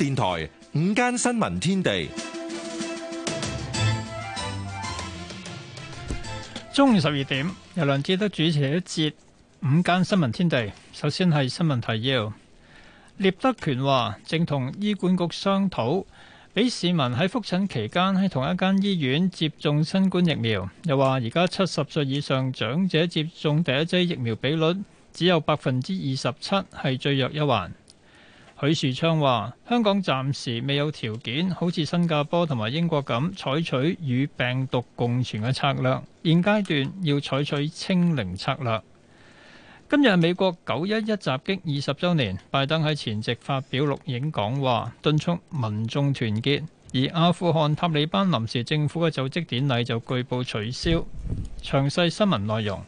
電台午間新聞天地，中午十二點由梁志德主持一節午間新聞天地。首先係新聞提要，聶德權話正同醫管局商討，俾市民喺複診期間喺同一間醫院接種新冠疫苗。又話而家七十歲以上長者接種第一劑疫苗比率只有百分之二十七，係最弱一環。許樹昌話：香港暫時未有條件，好似新加坡同埋英國咁，採取與病毒共存嘅策略。現階段要採取清零策略。今日美國九一一襲擊二十週年，拜登喺前夕發表錄影講話，敦促民眾團結。而阿富汗塔利班臨時政府嘅就職典禮就據報取消。詳細新聞內容，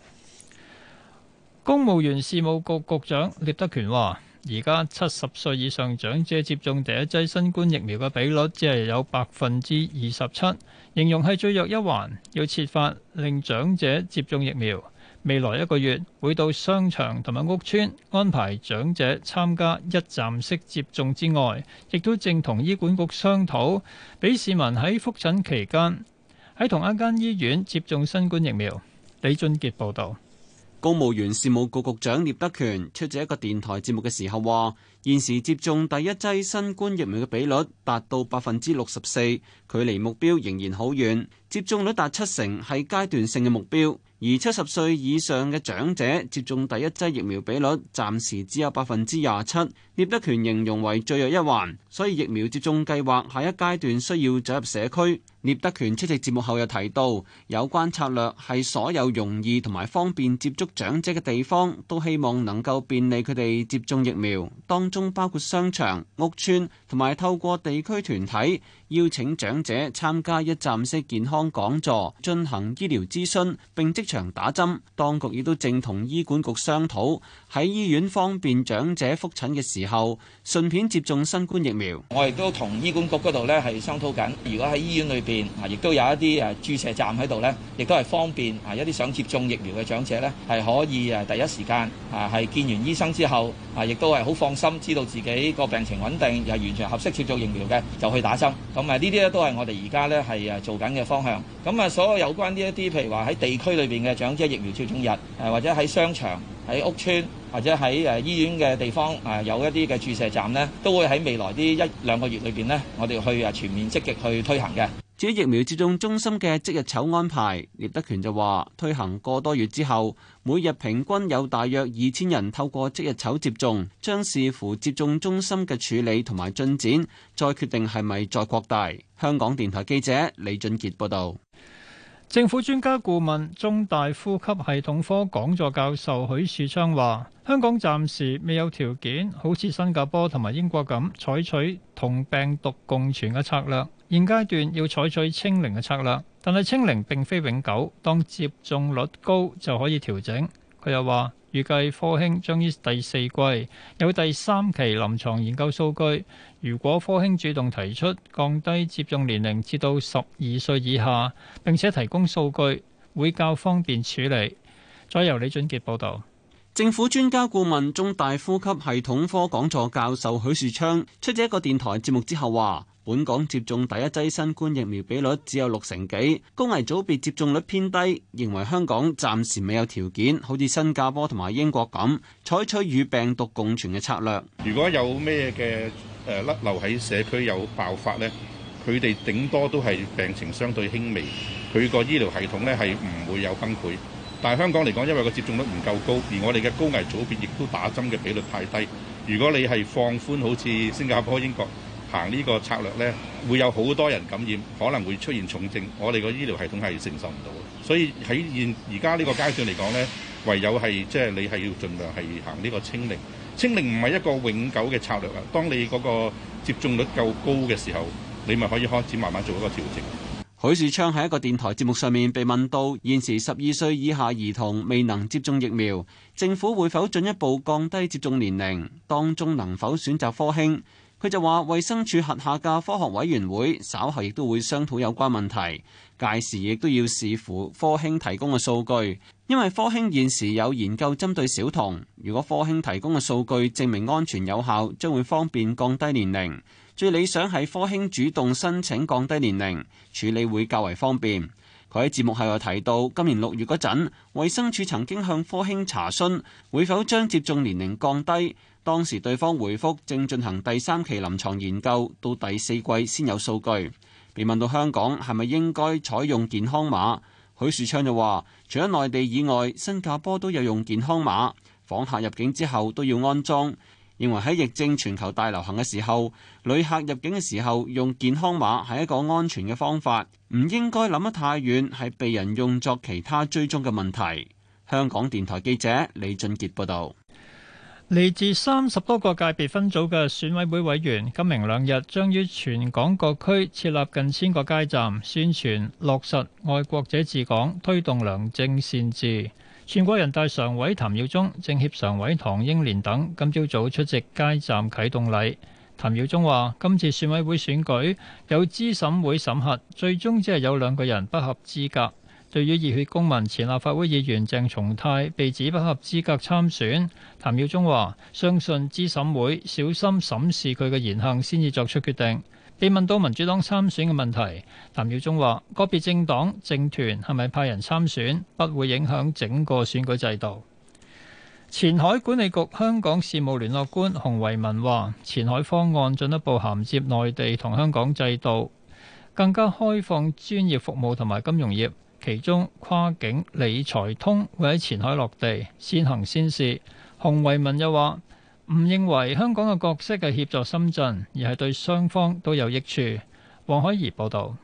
公務員事務局局,局長聶德權話。而家七十歲以上長者接種第一劑新冠疫苗嘅比率只係有百分之二十七，形容係最弱一環，要設法令長者接種疫苗。未來一個月會到商場同埋屋邨安排長者參加一站式接種之外，亦都正同醫管局商討，俾市民喺覆診期間喺同一間醫院接種新冠疫苗。李俊傑報導。公務員事務局局長聶德權出席一個電台節目嘅時候話，現時接種第一劑新冠疫苗嘅比率達到百分之六十四，距離目標仍然好遠。接種率達七成係階段性嘅目標，而七十歲以上嘅長者接種第一劑疫苗比率暫時只有百分之廿七，聶德權形容為最弱一環，所以疫苗接種計劃下一階段需要走入社區。聶德權出席節目後又提到，有關策略係所有容易同埋方便接觸長者嘅地方，都希望能夠便利佢哋接種疫苗，當中包括商場、屋邨同埋透過地區團體。邀請長者參加一站式健康講座，進行醫療諮詢，並即場打針。當局亦都正同醫管局商討喺醫院方便長者覆診嘅時候，順便接種新冠疫苗。我亦都同醫管局嗰度呢係商討緊，如果喺醫院裏邊啊，亦都有一啲誒注射站喺度呢亦都係方便啊，一啲想接種疫苗嘅長者呢係可以誒第一時間啊係見完醫生之後啊，亦都係好放心，知道自己個病情穩定，又係完全合適接種疫苗嘅，就去打針。咁啊，呢啲咧都係我哋而家咧係做緊嘅方向。咁啊，所有有關呢一啲，譬如話喺地區裏面嘅長者疫苗接種日，或者喺商場、喺屋邨，或者喺誒醫院嘅地方有一啲嘅注射站咧，都會喺未來呢一兩個月裏面，咧，我哋去全面積極去推行嘅。至於疫苗接種中心嘅即日籌安排，聶德權就話推行個多月之後。每日平均有大約二千人透過即日籌接種，將視乎接種中心嘅處理同埋進展，再決定係咪再擴大。香港電台記者李俊杰報道。政府專家顧問、中大呼吸系統科講座教授許樹昌話，香港暫時未有條件，好似新加坡同埋英國咁採取同病毒共存嘅策略，現階段要採取清零嘅策略。但係清零並非永久，當接種率高就可以調整。佢又話預計科興將於第四季有第三期臨床研究數據。如果科興主動提出降低接種年齡至到十二歲以下，並且提供數據，會較方便處理。再由李俊傑報導。政府專家顧問、中大呼吸系統科講座教授許樹昌出席一個電台節目之後話，本港接種第一劑新冠疫苗比率只有六成幾，高危組別接種率偏低，認為香港暫時未有條件，好似新加坡同埋英國咁，採取與病毒共存嘅策略。如果有咩嘅誒甩漏喺社區有爆發呢？佢哋頂多都係病情相對輕微，佢個醫療系統呢係唔會有崩潰。但香港嚟講，因為個接種率唔夠高，而我哋嘅高危組別亦都打針嘅比率太低。如果你係放寬好似新加坡、英國行呢個策略咧，會有好多人感染，可能會出現重症，我哋個醫療系統係承受唔到。所以喺現而家呢個階段嚟講咧，唯有係即係你係要盡量係行呢個清零。清零唔係一個永久嘅策略啊。當你嗰個接種率夠高嘅時候，你咪可以開始慢慢做一個調整。許樹昌喺一個電台節目上面被問到，現時十二歲以下兒童未能接種疫苗，政府會否進一步降低接種年齡？當中能否選擇科興？佢就話，衛生署轄下嘅科學委員會稍後亦都會商討有關問題，屆時亦都要視乎科興提供嘅數據，因為科興現時有研究針對小童，如果科興提供嘅數據證明安全有效，將會方便降低年齡。最理想係科興主動申請降低年齡，處理會較為方便。佢喺節目下又提到，今年六月嗰陣，衛生署曾經向科興查詢會否將接種年齡降低，當時對方回覆正進行第三期臨床研究，到第四季先有數據。被問到香港係咪應該採用健康碼，許樹昌就話：除咗內地以外，新加坡都有用健康碼，訪客入境之後都要安裝。認為喺疫症全球大流行嘅時候，旅客入境嘅時候用健康碼係一個安全嘅方法，唔應該諗得太遠，係被人用作其他追蹤嘅問題。香港電台記者李俊杰報道，嚟自三十多個界別分組嘅選委會委員，今明兩日將於全港各區設立近千個街站，宣傳落實愛國者治港，推動良政善治。全國人大常委譚耀宗、政協常委唐英年等今朝早早出席街站啟動禮。譚耀宗話：今次選委會選舉有資審會審核，最終只係有兩個人不合資格。對於熱血公民前立法會議員鄭松泰被指不合資格參選，譚耀宗話：相信資審會小心審視佢嘅言行，先至作出決定。被問到民主黨參選嘅問題，譚耀宗話：個別政黨政團係咪派人參選，不會影響整個選舉制度。前海管理局香港事務聯絡官洪為民話：前海方案進一步銜接內地同香港制度，更加開放專業服務同埋金融業，其中跨境理財通會喺前海落地，先行先試。洪為民又話，唔認為香港嘅角色係協助深圳，而係對雙方都有益處。黃海怡報導。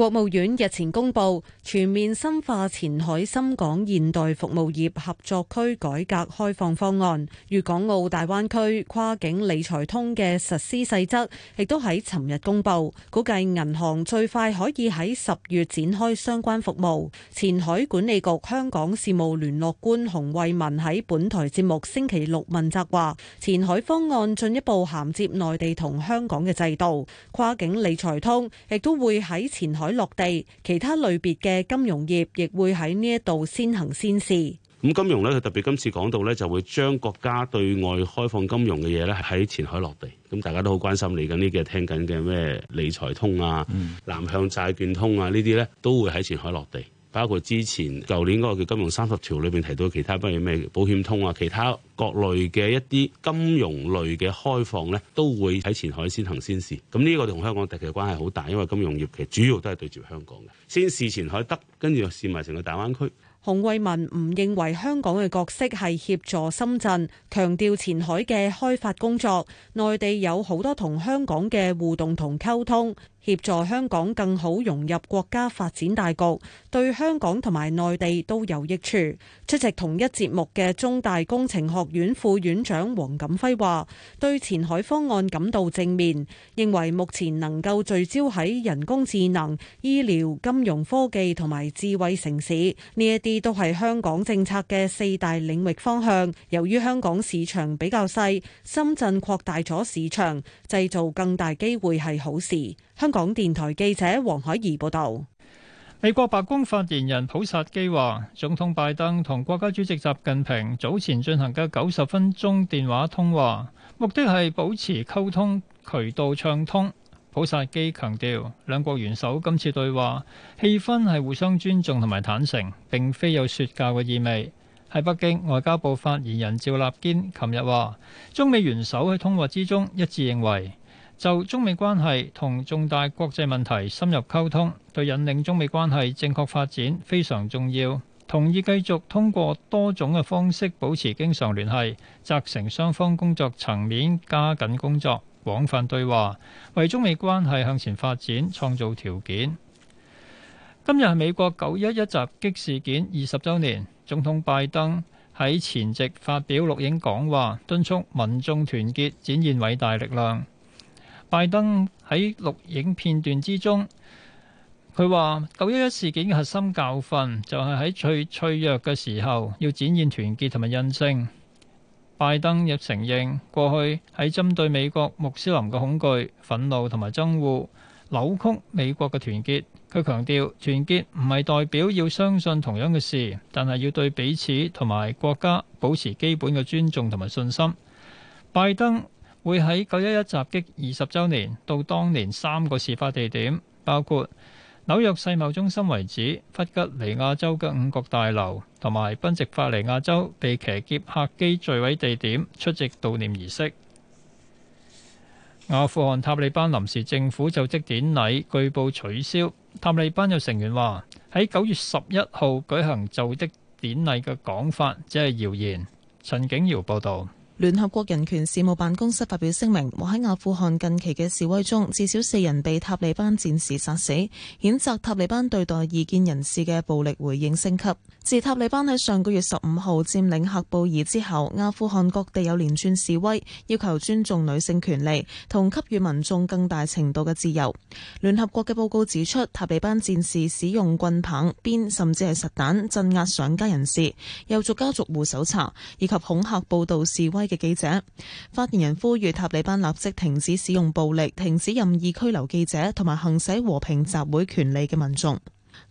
國務院日前公布全面深化前海深港現代服務業合作區改革開放方案，粵港澳大灣區跨境理財通嘅實施細則亦都喺尋日公布，估計銀行最快可以喺十月展開相關服務。前海管理局香港事務聯絡官洪為民喺本台節目星期六問責話，前海方案進一步銜接內地同香港嘅制度，跨境理財通亦都會喺前海落地，其他類別嘅金融業亦會喺呢一度先行先試。咁金融咧，佢特別今次講到咧，就會將國家對外開放金融嘅嘢咧，喺前海落地。咁大家都好關心嚟緊呢幾日聽緊嘅咩理財通啊、嗯、南向債券通啊呢啲咧，都會喺前海落地。包括之前舊年個叫金融三十條裏邊提到的其他，包括咩保險通啊，其他各類嘅一啲金融類嘅開放咧，都會喺前海先行先試，咁呢個同香港特別關係好大，因為金融業其實主要都係對住香港嘅，先試前海得，跟住試埋成個大灣區。洪偉民唔認為香港嘅角色係協助深圳，強調前海嘅開發工作，內地有好多同香港嘅互動同溝通，協助香港更好融入國家發展大局，對香港同埋內地都有益處。出席同一節目嘅中大工程學院副院長黃錦輝話，對前海方案感到正面，認為目前能夠聚焦喺人工智能、醫療、金融科技同埋智慧城市呢一啲，這些都係香港政策嘅四大領域方向。由於香港市場比較細，深圳擴大咗市場，製造更大機會係好事。香香港電台記者黃海怡報道，美國白宮發言人普薩基話，總統拜登同國家主席習近平早前進行嘅九十分鐘電話通話，目的係保持溝通渠道暢通。普薩基強調，兩國元首今次對話氣氛係互相尊重同埋坦誠，並非有說教嘅意味。喺北京，外交部發言人趙立堅琴日話，中美元首喺通話之中一致認為。就中美關係同重大國際問題深入溝通，對引領中美關係正確發展非常重要。同意繼續通過多種嘅方式保持經常聯繫，責成雙方工作層面加緊工作，廣泛對話，為中美關係向前發展創造條件。今日係美國九一一襲擊事件二十週年，總統拜登喺前夕發表錄影講話，敦促民眾團結，展現偉大力量。拜登喺錄影片段之中，佢話：九一一事件嘅核心教訓就係喺最脆弱嘅時候要展現團結同埋韌性。拜登亦承認過去喺針對美國穆斯林嘅恐懼、憤怒同埋憎惡，扭曲美國嘅團結。佢強調團結唔係代表要相信同樣嘅事，但係要對彼此同埋國家保持基本嘅尊重同埋信心。拜登會喺九一一襲擊二十週年到當年三個事發地點，包括紐約世貿中心遺址、弗吉尼亞州嘅五角大樓同埋賓夕法尼亞州被騎劫客機墜毀地點出席悼念儀式。阿富汗塔利班臨時政府就職典禮據報取消，塔利班有成員話喺九月十一號舉行就職典禮嘅講法只係謠言。陳景堯報道。聯合國人權事務辦公室發表聲明，話喺阿富汗近期嘅示威中，至少四人被塔利班戰士殺死，譴責塔利班對待異見人士嘅暴力回應升級。自塔利班喺上個月十五號佔領喀布爾之後，阿富汗各地有連串示威，要求尊重女性權利同給予民眾更大程度嘅自由。聯合國嘅報告指出，塔利班戰士使用棍棒、鞭甚至係實彈鎮壓上街人士，又逐家逐戶搜查，以及恐嚇報道示威嘅記者，發言人呼籲塔利班立即停止使用暴力，停止任意拘留記者同埋行使和平集會權利嘅民眾。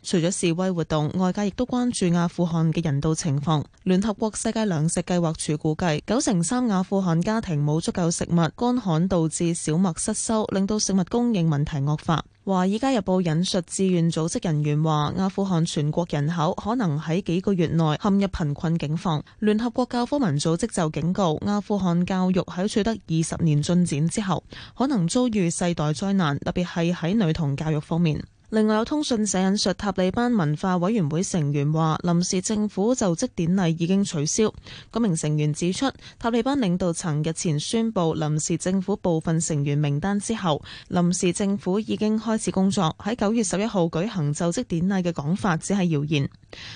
除咗示威活動，外界亦都關注阿富汗嘅人道情況。聯合國世界糧食計劃署估計九成三阿富汗家庭冇足夠食物，乾旱導致小麥失收，令到食物供應問題惡化。華爾街日報引述志願組織人員話阿富汗全國人口可能喺幾個月內陷入貧困境況，聯合國教科文組織就警告，阿富汗教育喺取得二十年進展之後可能遭遇世代災難，特別係喺女童教育方面。另外有通訊社引述塔利班文化委員會成員話，臨時政府就職典禮已經取消。嗰名成員指出，塔利班領導層日前宣布臨時政府部分成員名單之後，臨時政府已經開始工作。喺九月十一號舉行就職典禮嘅講法只係謠言。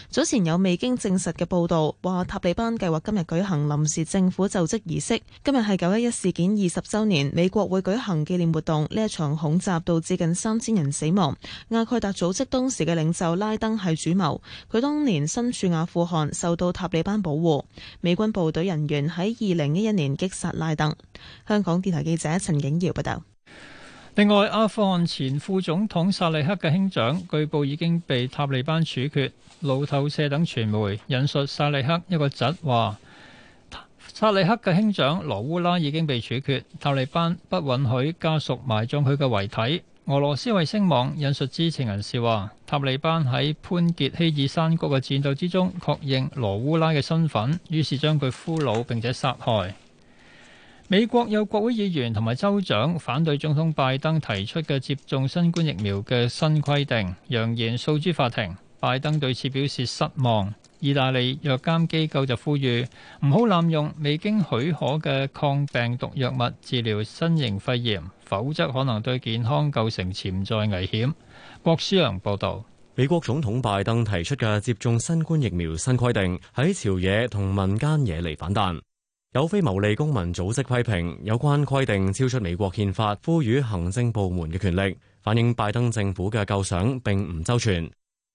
早前有未經證實嘅報道話，塔利班計劃今日舉行臨時政府就職儀式。今日係九一一事件二十周年，美國會舉行紀念活動。呢一場恐襲導致近三千人死亡。阿蓋達組織當時嘅領袖拉登係主謀，佢當年身處阿富汗，受到塔利班保護。美軍部隊人員喺二零一一年擊殺拉登。香港電台記者陳景堯報道。另外，阿富汗前副總統薩利克嘅兄長據報已經被塔利班處決。路透社等傳媒引述薩利克一個侄話：薩利克嘅兄長羅烏拉已經被處決，塔利班不允許家屬埋葬佢嘅遺體。俄羅斯衛星網引述知情人士話，塔利班喺潘傑希爾山谷嘅戰鬥之中確認羅烏拉嘅身份，於是將佢俘虜並且殺害。美國有國會議員同埋州長反對總統拜登提出嘅接種新冠疫苗嘅新規定，揚言訴諸法庭。拜登對此表示失望。意大利藥監機構就呼籲唔好濫用未經許可嘅抗病毒藥物治療新型肺炎。否則可能對健康構成潛在危險。郭思良報導，美國總統拜登提出嘅接種新冠疫苗新規定，喺朝野同民間惹嚟反彈。有非牟利公民組織批評有關規定超出美國憲法賦予行政部門嘅權力，反映拜登政府嘅構想並唔周全。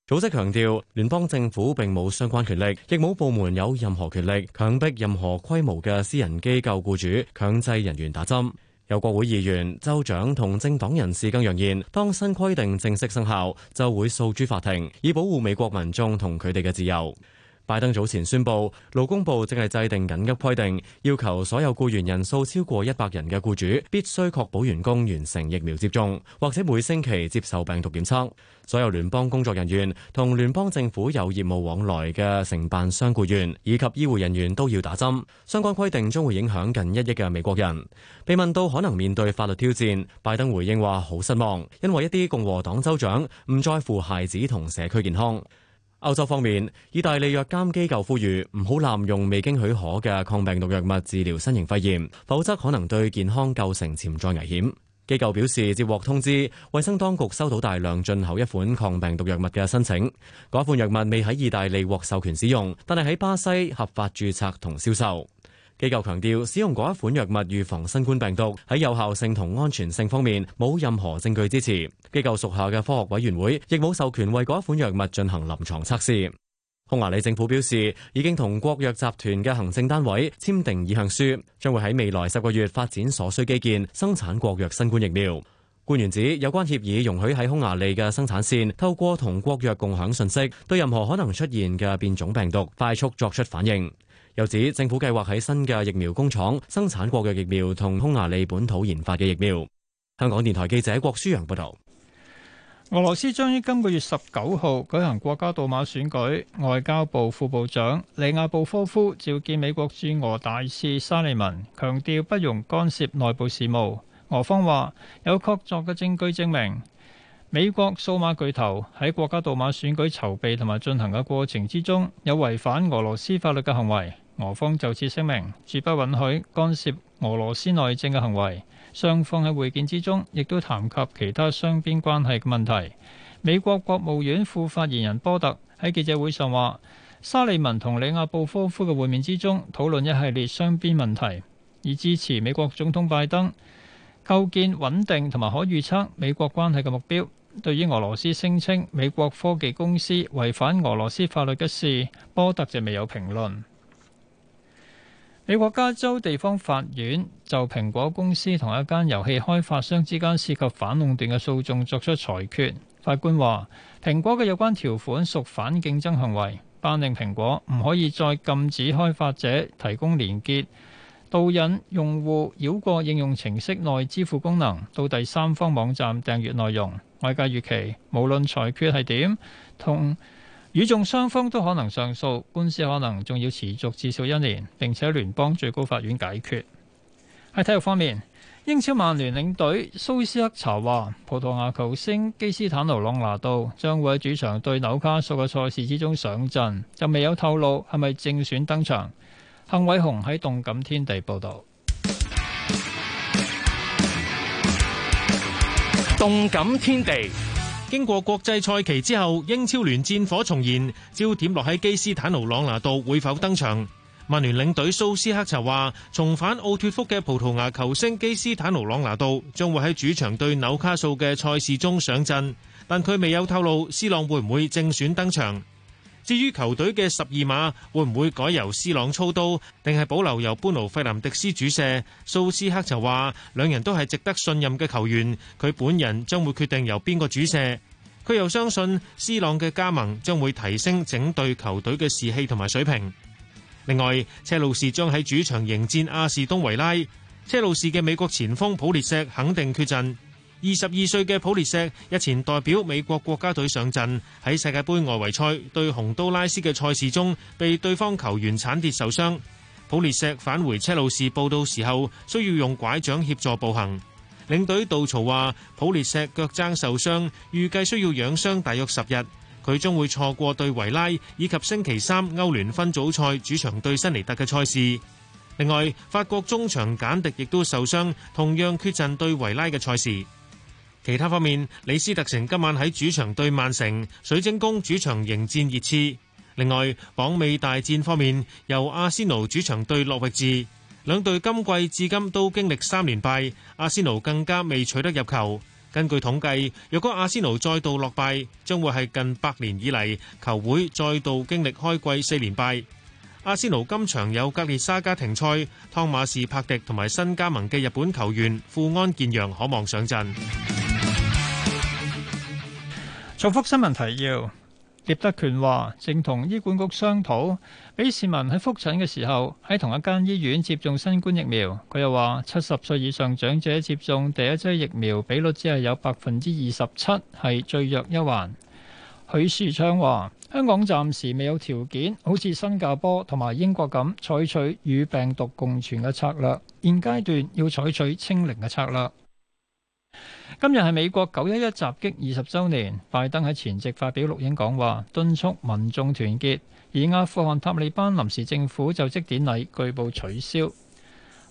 組織強調，聯邦政府並冇相關權力，亦冇部門有任何權力強迫任何規模嘅私人機構僱主強制人員打針。有國會議員、州長同政黨人士更揚言，當新規定正式生效，就會訴諸法庭，以保護美國民眾同佢哋嘅自由。拜登早前宣布，勞工部正係制定緊急規定，要求所有僱員人數超過一百人嘅僱主，必須確保員工完成疫苗接種，或者每星期接受病毒檢測。所有聯邦工作人員、同聯邦政府有業務往來嘅承辦商僱員以及醫護人員都要打針。相關規定將會影響近一億嘅美國人。被問到可能面對法律挑戰，拜登回應話：好失望，因為一啲共和黨州長唔在乎孩子同社區健康。歐洲方面，意大利藥監機構呼籲唔好濫用未經許可嘅抗病毒藥物治療新型肺炎，否則可能對健康構成潛在危險。機構表示，接獲通知，衛生當局收到大量進口一款抗病毒藥物嘅申請。嗰款藥物未喺意大利獲授權使用，但係喺巴西合法注冊同銷售。機構強調，使用嗰一款藥物預防新冠病毒喺有效性同安全性方面冇任何證據支持。機構屬下嘅科學委員會亦冇授權為嗰一款藥物進行臨床測試。匈牙利政府表示，已經同國藥集團嘅行政單位簽訂意向書，將會喺未來十個月發展所需基建，生產國藥新冠疫苗。官員指，有關協議容許喺匈牙利嘅生產線透過同國藥共享信息，對任何可能出現嘅變種病毒快速作出反應。又指政府計劃喺新嘅疫苗工廠生產國藥疫苗同匈牙利本土研發嘅疫苗。香港電台記者郭舒陽報道。俄羅斯將於今個月十九號舉行國家杜馬選舉。外交部副部長利亞布科夫召見美國駐俄大使沙利文，強調不容干涉內部事務。俄方話有確鑿嘅證據證明美國數碼巨頭喺國家杜馬選舉籌備同埋進行嘅過程之中有違反俄羅斯法律嘅行為。俄方就此聲明，絕不允許干涉俄羅斯內政嘅行為，雙方喺會見之中，亦都談及其他雙邊關係嘅問題。美國國務院副發言人波特喺記者會上話沙利文同李亞布科夫嘅會面之中，討論一系列雙邊問題，以支持美國總統拜登構建穩定同埋可預測美國關係嘅目標。對於俄羅斯聲稱美國科技公司違反俄羅斯法律嘅事，波特就未有評論。美國加州地方法院就蘋果公司同一間遊戲開發商之間涉及反壟斷嘅訴訟作出裁決。法官話：蘋果嘅有關條款屬反競爭行為，頒令蘋果唔可以再禁止開發者提供連結，導引用戶繞過應用程式內支付功能到第三方網站訂閱內容。外界預期無論裁決係點，同。與眾雙方都可能上訴，官司可能仲要持續至少一年，並且聯邦最高法院解決。喺體育方面，英超曼聯領隊蘇斯克查話，葡萄牙球星基斯坦奴朗拿度將會喺主場對紐卡素嘅賽事之中上陣，就未有透露係咪正選登場。幸偉雄喺動感天地報道。動感天地，報經過國際賽期之後，英超聯戰火重燃，焦點落喺基斯坦奴朗拿度會否登場？曼聯領隊蘇斯克就話：重返奧脫福嘅葡萄牙球星基斯坦奴朗拿度將會喺主場對紐卡素嘅賽事中上陣，但佢未有透露斯朗會唔會正選登場。至於球隊嘅十二碼會唔會改由斯朗操刀，定係保留由班奴費林迪斯主射？蘇斯克就話：兩人都係值得信任嘅球員，佢本人將會決定由邊個主射。佢又相信斯朗嘅加盟將會提升整隊球隊嘅士氣同埋水平。另外，車路士將喺主場迎戰阿士東維拉。車路士嘅美國前鋒普列石肯定缺陣。二十二歲嘅普列石日前代表美國國家隊上陣，喺世界杯外圍賽對洪都拉斯嘅賽事中，被對方球員鏟跌受傷。普列石返回車路士報到時候，需要用拐杖協助步行。領隊杜曹話：普列石腳踭受傷，預計需要養傷大約十日，佢將會錯過對維拉以及星期三歐聯分組賽主場對新尼特嘅賽事。另外，法國中場簡迪亦都受傷，同樣缺陣對維拉嘅賽事。其他方面，李斯特城今晚喺主場對曼城，水晶宮主場迎戰熱刺。另外，榜尾大戰方面，由阿仙奴主場對諾域治。兩隊今季至今都經歷三連敗，阿仙奴更加未取得入球。根據統計，若果阿仙奴再度落敗，將會係近百年以嚟球會再度經歷開季四連敗。阿仙奴今場有格列莎加停賽，湯馬士柏迪同埋新加盟嘅日本球員富安健洋可望上陣。重複新聞提要。聶德權話：正同醫管局商討，俾市民喺覆診嘅時候喺同一間醫院接種新冠疫苗。佢又話，七十歲以上長者接種第一劑疫苗比率只係有百分之二十七，係最弱一環。許樹昌話：香港暫時未有條件，好似新加坡同埋英國咁，採取與病毒共存嘅策略。現階段要採取清零嘅策略。今日係美國九一一襲擊二十周年，拜登喺前夕發表錄影講話，敦促民眾團結。而阿富汗塔利班臨時政府就職典禮據報取消。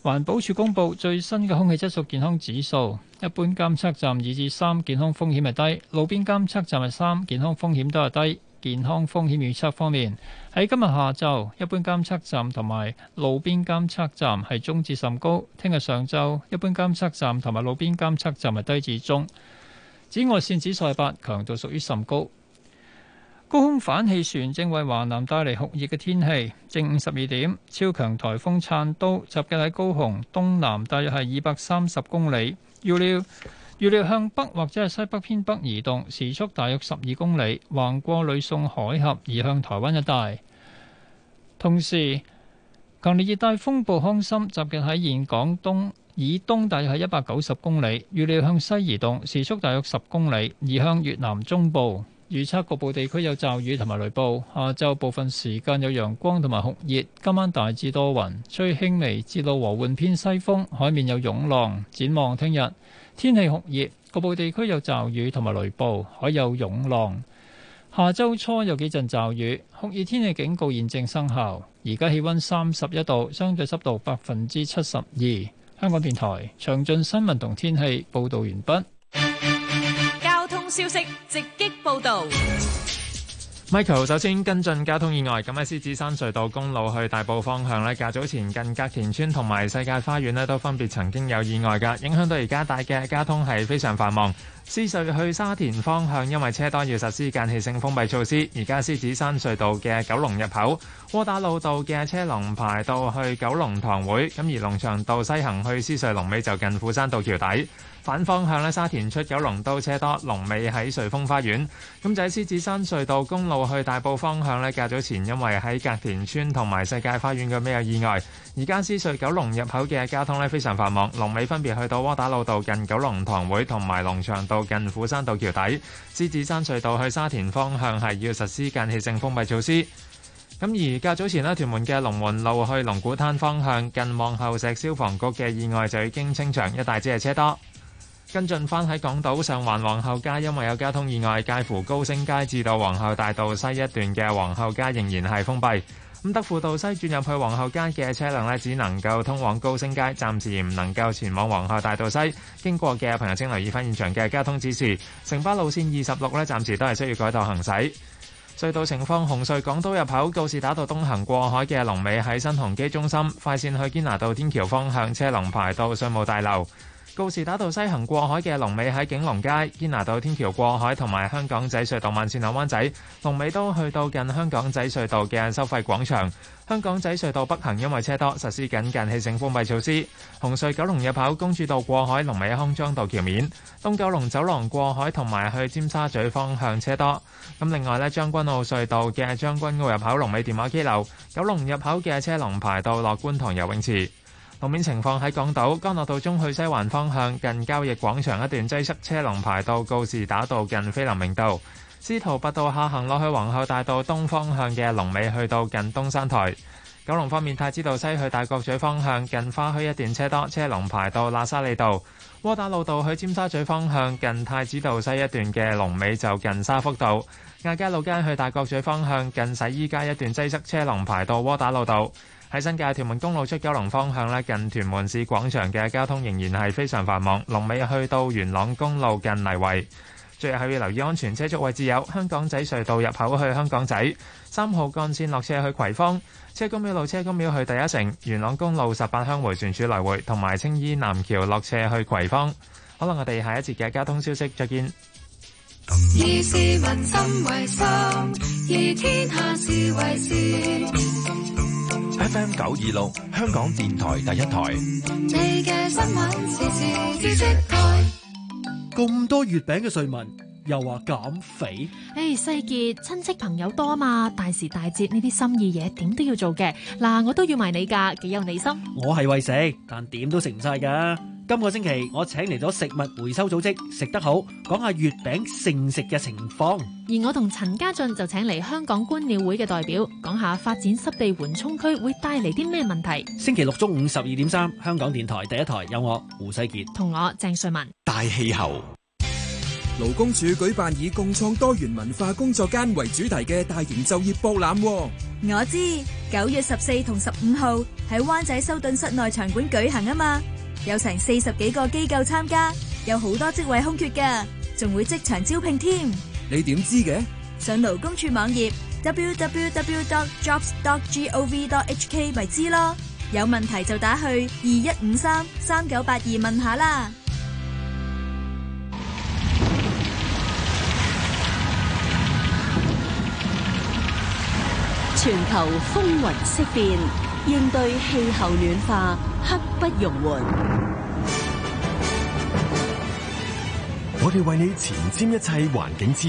環保署公布最新嘅空氣質素健康指數，一般監測站二至三，健康風險係低；路邊監測站係三，健康風險都係低。健康風險預測方面，喺今日下晝，一般監測站同埋路邊監測站係中至甚高；聽日上晝，一般監測站同埋路邊監測站係低至中。紫外線指數八，強度屬於甚高。高空反氣旋正為華南帶嚟酷熱嘅天氣。正午十二點，超強颱風燦都集結喺高雄東南，大約係二百三十公里。要了。預料向北或者係西北偏北移動，時速大約十二公里，橫過呂宋海峽，移向台灣一帶。同時，強烈熱帶風暴康森，集結喺現廣東以東大約係一百九十公里，預料向西移動，時速大約十公里，移向越南中部。預測局部地區有驟雨同埋雷暴，下晝部分時間有陽光同埋酷熱，今晚大致多雲，吹輕微至到和緩偏西風，海面有湧浪。展望聽日，天氣酷熱，局部地區有驟雨同埋雷暴，海有湧浪。下周初有幾陣驟雨，酷熱天氣警告現正生效。而家氣温三十一度，相對濕度百分之七十二。香港電台詳盡新聞同天氣報道完畢。消息直擊報道，Michael 首先跟進交通意外。咁喺獅子山隧道公路去大埔方向咧，較早前近隔田村同埋世界花園咧，都分別曾經有意外嘅，影響到而家大嘅交通係非常繁忙。獅隧，去沙田方向，因為車多要實施間歇性封閉措施。而家獅子山隧道嘅九龍入口、窩打老道嘅車龍排到去九龍塘會。咁而龍翔道西行去獅隧龍尾就近富山道橋底。反方向沙田出九龍都車多，龍尾喺瑞豐花園。咁就喺獅子山隧道公路去大埔方向咧，較早前因為喺隔田村同埋世界花園嘅咩意外。而家獅隧九龍入口嘅交通非常繁忙，龍尾分別去到窩打老道近九龍塘會同埋龍翔道。近斧山道橋底，獅子山隧道去沙田方向係要實施間歇性封閉措施。咁而較早前呢，屯門嘅龍門路去龍鼓灘方向近望后石消防局嘅意外就已經清場，一大支係車多。跟進返喺港島上環皇后街，因為有交通意外，介乎高升街至到皇后大道西一段嘅皇后街仍然係封閉。德輔道西轉入去皇后街嘅車輛呢，只能夠通往高升街，暫時唔能夠前往皇后大道西。經過嘅朋友請留意翻現場嘅交通指示。城巴路線二十六呢，暫時都係需要改道行駛。隧道情況：紅隧港島入口告士打道東行過海嘅龍尾喺新鴻基中心，快線去堅拿道天橋方向車龍排到稅務大樓。告士打道西行過海嘅龍尾喺景隆街，堅拿道天橋過海同埋香港仔隧道慢線那灣仔龍尾都去到近香港仔隧道嘅收費廣場。香港仔隧道北行因為車多，實施緊近,近氣性封閉措施。紅隧九龍入口公主道過海龍尾康莊道橋面，東九龍走廊過海同埋去尖沙咀方向車多。咁另外呢將軍澳隧道嘅將軍澳入口龍尾電話機樓，九龍入口嘅車龍排到落觀塘游泳池。路面情況喺港島，干諾道中去西環方向近交易廣場一段擠塞，車龍排到告士打道近菲林明道。司徒拔道下行落去皇后大道東方向嘅龍尾去到近東山台。九龍方面，太子道西去大角咀方向近花墟一段車多，車龍排到喇沙利道。窩打老道去尖沙咀方向近太子道西一段嘅龍尾就近沙福道。亞皆老街去大角咀方向近洗衣街一段擠塞，車龍排到窩打老道。喺新界屯門公路出九龍方向近屯門市廣場嘅交通仍然係非常繁忙。龍尾去到元朗公路近泥圍。最後要留意安全車速位置，有香港仔隧道入口去香港仔、三號幹線落車去葵芳、車公廟路車公廟去第一城、元朗公路十八鄉回旋處來回，同埋青衣南橋落車去葵芳。好啦，我哋下一節嘅交通消息，再見。以市民心為心，以天下事為事。FM 九二六，香港電台第一台。咁多月餅嘅碎文，又話減肥？誒，世杰，親戚朋友多啊嘛，大時大節呢啲心意嘢點都要做嘅。嗱，我都約埋你噶，幾有你心。我係為食，但點都食唔晒噶。今個星期我請嚟咗食物回收組織食得好，講下月餅剩食嘅情況。而我同陳家俊就請嚟香港觀鳥會嘅代表，講下發展濕地緩衝區會帶嚟啲咩問題。星期六中午十二點三，香港電台第一台有我胡世杰同我鄭瑞文。大氣候勞工處舉辦以共創多元文化工作間為主題嘅大型就業博覽，我知九月十四同十五號喺灣仔修頓室內場館舉行啊嘛。有成四十幾個機構參加，有好多職位空缺㗎，仲會即場招聘添。你點知嘅？上勞工處網頁 www.jobs.gov.hk 咪知咯。有問題就打去二一五三三九八二問下啦。全球風雲色變。應對氣候暖化，刻不容緩。我哋為你前瞻一切環境。